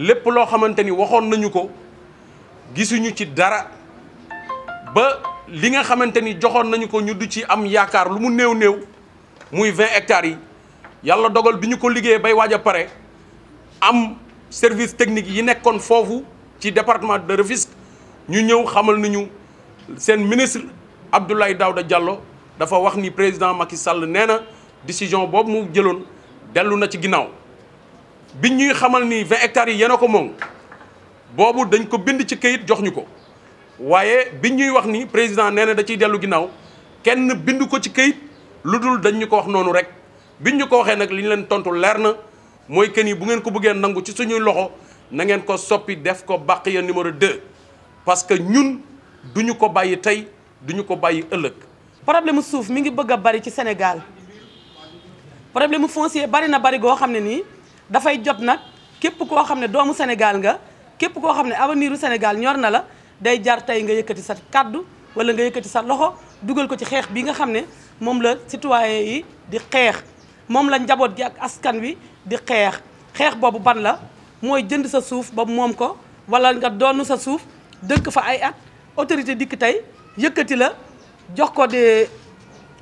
lépp loo xamante ni waxoon nañu ko gisuñu ci dara ba li nga xamante ni joxoon nañu ko ñu du ci am yaakaar lu mu néew néew muy vingt hectares yi yàlla dogal bi ñu ko liggéeyee bay waaj a pare am service technique yi nekkoon foofu ci département de Rufisque ñu ñëw xamal nañu seen ministre Abdoulaye Daouda Diallo dafa wax ni président Macky Sall nee na décision boobu mu jëloon dellu na ci ginnaaw biñ ñuy xamal ni 20 yi yéen ko moom boobu dañ ko bind ci këyit jox ñu ko waaye biñ ñuy wax ni président nee na da ciy dellu ginnaaw kenn bind ko ci këyit lu dul dañ ñu ko wax noonu rek biñ ñu ko waxee nag li ñu leen tontu leer na mooy que ni bu ngeen ko bëggee nangu ci suñuy loxo na ngeen ko soppi def ko Bakhiya numéro 2. parce que ñun du ñu ko bàyyi tey du ñu ko bàyyi ëllëg. problème suuf mi ngi bëgg a bari ci Sénégal problème foncier bari na bari goo xam ne nii. dafay jot nag képp koo xam ne doomu Sénégal nga képp koo xam ne avenir Sénégal ñor na la day jar tey nga yëkkati sa kàddu wala nga yëkkati sa loxo dugal ko ci xeex bi nga xam ne moom la citoyen yi di xeex moom la njaboot gi ak askan wi di xeex xeex boobu ban la mooy jënd sa suuf ba moom ko wala nga doonu sa suuf dëkk fa ay at autorité dikk tey yëkkati la jox ko des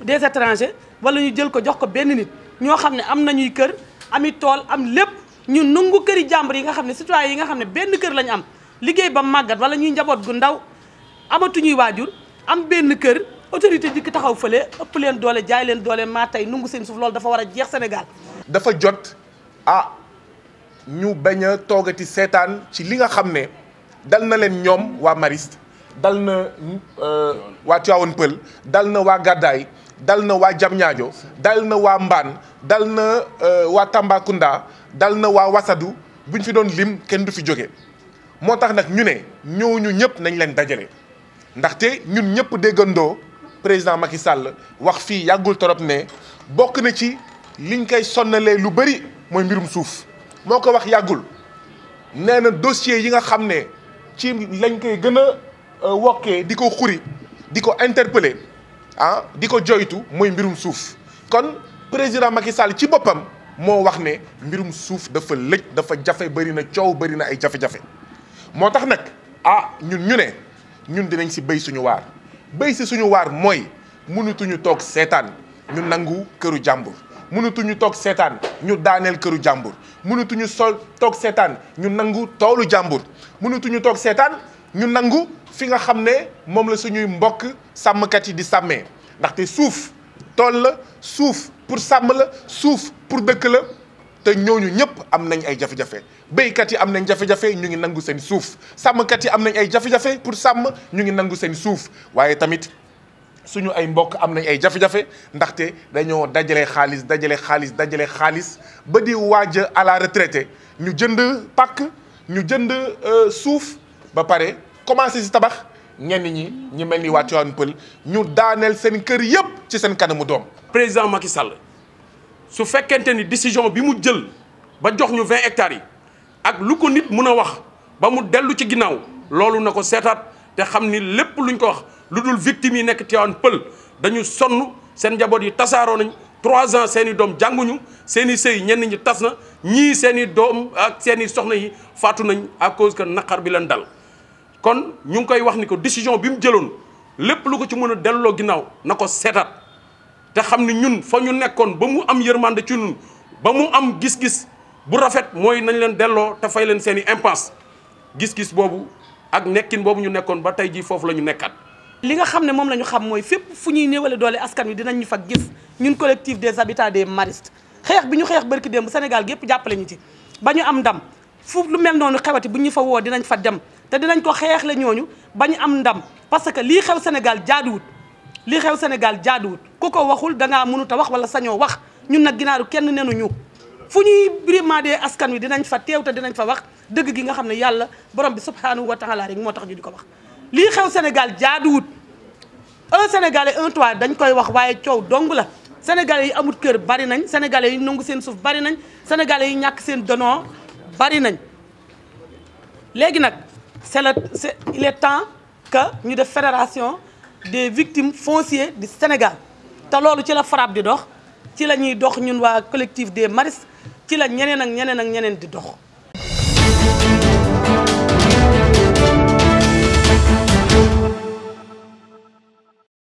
des étrangers wala ñu jël ko jox ko benn nit ñoo xam ne am nañuy kër ami tool am lépp ñu nungu këri jàmbur yi nga xam ne citoyen yi nga xam ne benn kër lañu am liggéey ba màggat wala ñuy njaboot gu ndaw amatuñuy waajur am benn kër autorité dikk taxaw fële ëpp leen doole jaay leen doole maa tey nungu seen suuf loolu dafa war a jeex Sénégal dafa jot ah ñu bañ a toogati seetaan ci li nga xam ne dal na leen ñoom waa maris dal na euh, waa Tivaouane Peulh dal na waa Gàddaay dal na waa Diamniadio dal na waa Mbane dalna wa tamba kunda dal na euh, Wasadu buñ fi doon lim kenn du fi motax nak ñooñu ñëpp nañ président Macky Sall wax fi yagul torop ne bokk na ci liñ koy sonalé lu mbirum suuf wax dossier yi nga xamné ci lañ koy gëna euh, diko xuri ah kon président Macky Sall ci bopam mo wax ne mbirum souf dafa lecc dafa jafé bari na ciow bari na ay jafé jafé motax nak ah ñun ñu né ñun dinañ si bay suñu war bay ci suñu moy mooy mënutuñu tok sétan ñu nangu këru jàmbur mënutuñu tok sétan ñu daaneel këru jàmbur mënutuñu sol tok sétan ñu nangu tol jàmbur mënutuñu tok sétan ñu nangu fi nga xamné mom la suñuy mbokk sàmmkat yi di samé ndax té souf la souf pour samle souffre pour de te ñooñu ñëpp am nañ ay jafe jafé nous yi am nañ ñu ngi nangu seen ay pour Sam, nous ngi nangu seen souf. nous tamit suñu ay mbokk am nañ ay jafé jafé ndaxte dañoo dajalé xaaliss dajalé xaaliss dajalé xaaliss ba di waja à la retraite ñu jënd pack, ñu jënd euh, ba ñenn ñi ñu mel ni waa Tivaouane Peulh ñu daaneel seen kër yëpp ci seen kanamu doom. président Macky Sall su fekkente ni décision bi mu jël ba jox ñu vingt hectares yi ak lu ko nit mun a wax ba mu dellu ci ginnaaw loolu na ko seetaat te xam ni lépp luñ ko wax lu dul victime yi nekk Tivaouane Peulh dañu sonn seen njaboot yi tasaaroo nañ. trois ans seen i doom jànguñu seeni i sëy ñenn ñi tas na ñii seen i doom ak seeni soxna yi faatu nañ à cause que naqar bi leen dal kon ñung koy wax ni ko décision bi mu jëloon lepp lu ko ci mëna delo ginaaw nako sétat té xamni ñun fa ñu nekkon ba mu am yermande ci ñun ba mu am gis-gis bu rafet moy nañ leen delo té fay leen seen impasse gis-gis bobu ak nekkin bobu ñu nekkon ba tay ji fofu lañu nekkat li nga xamne mom lañu xam moy fépp fu ñuy neewale doole askan wi dinañ ñu fa gis ñun collectif des habitants des maristes xex bi ñu xeex barki dem senegal gep jappalé ñu ci bañu am ndam fu lu mel nonu xewati bu ñu fa wo dinañ fa dem. te dinañ ko xeexle la ñooñu bañ am ndam parce que lii xew Sénégal jaaduwut lii xew Sénégal jaaduwut ku ko waxul da ngaa mënut a wax wala sañoo wax ñun nag ginaaru kenn nenu ñu fu ñuy brimadee askan wi dinañ fa teew te dinañ fa wax dëgg gi nga xam ne yàlla borom bi subhanahu wa taala rek moo tax ñu di ko wax lii xew Sénégal jaaduwut un Sénégalais un toit dañ koy wax waaye coow dong la Sénégalais yi amul kër bari nañ Sénégalais yi nangu seen suuf bari nañ Sénégalais yi ñàkk seen donoo bari nañ léegi nag c'est le c'est il est temps que nous, de fédération des victimes foncières du Sénégal te loolu ci la FRAPP di dox ci la ñuy dox ñun wa collectif des maris ci la ñeneen ak ñeneen ak ñeneen di dox.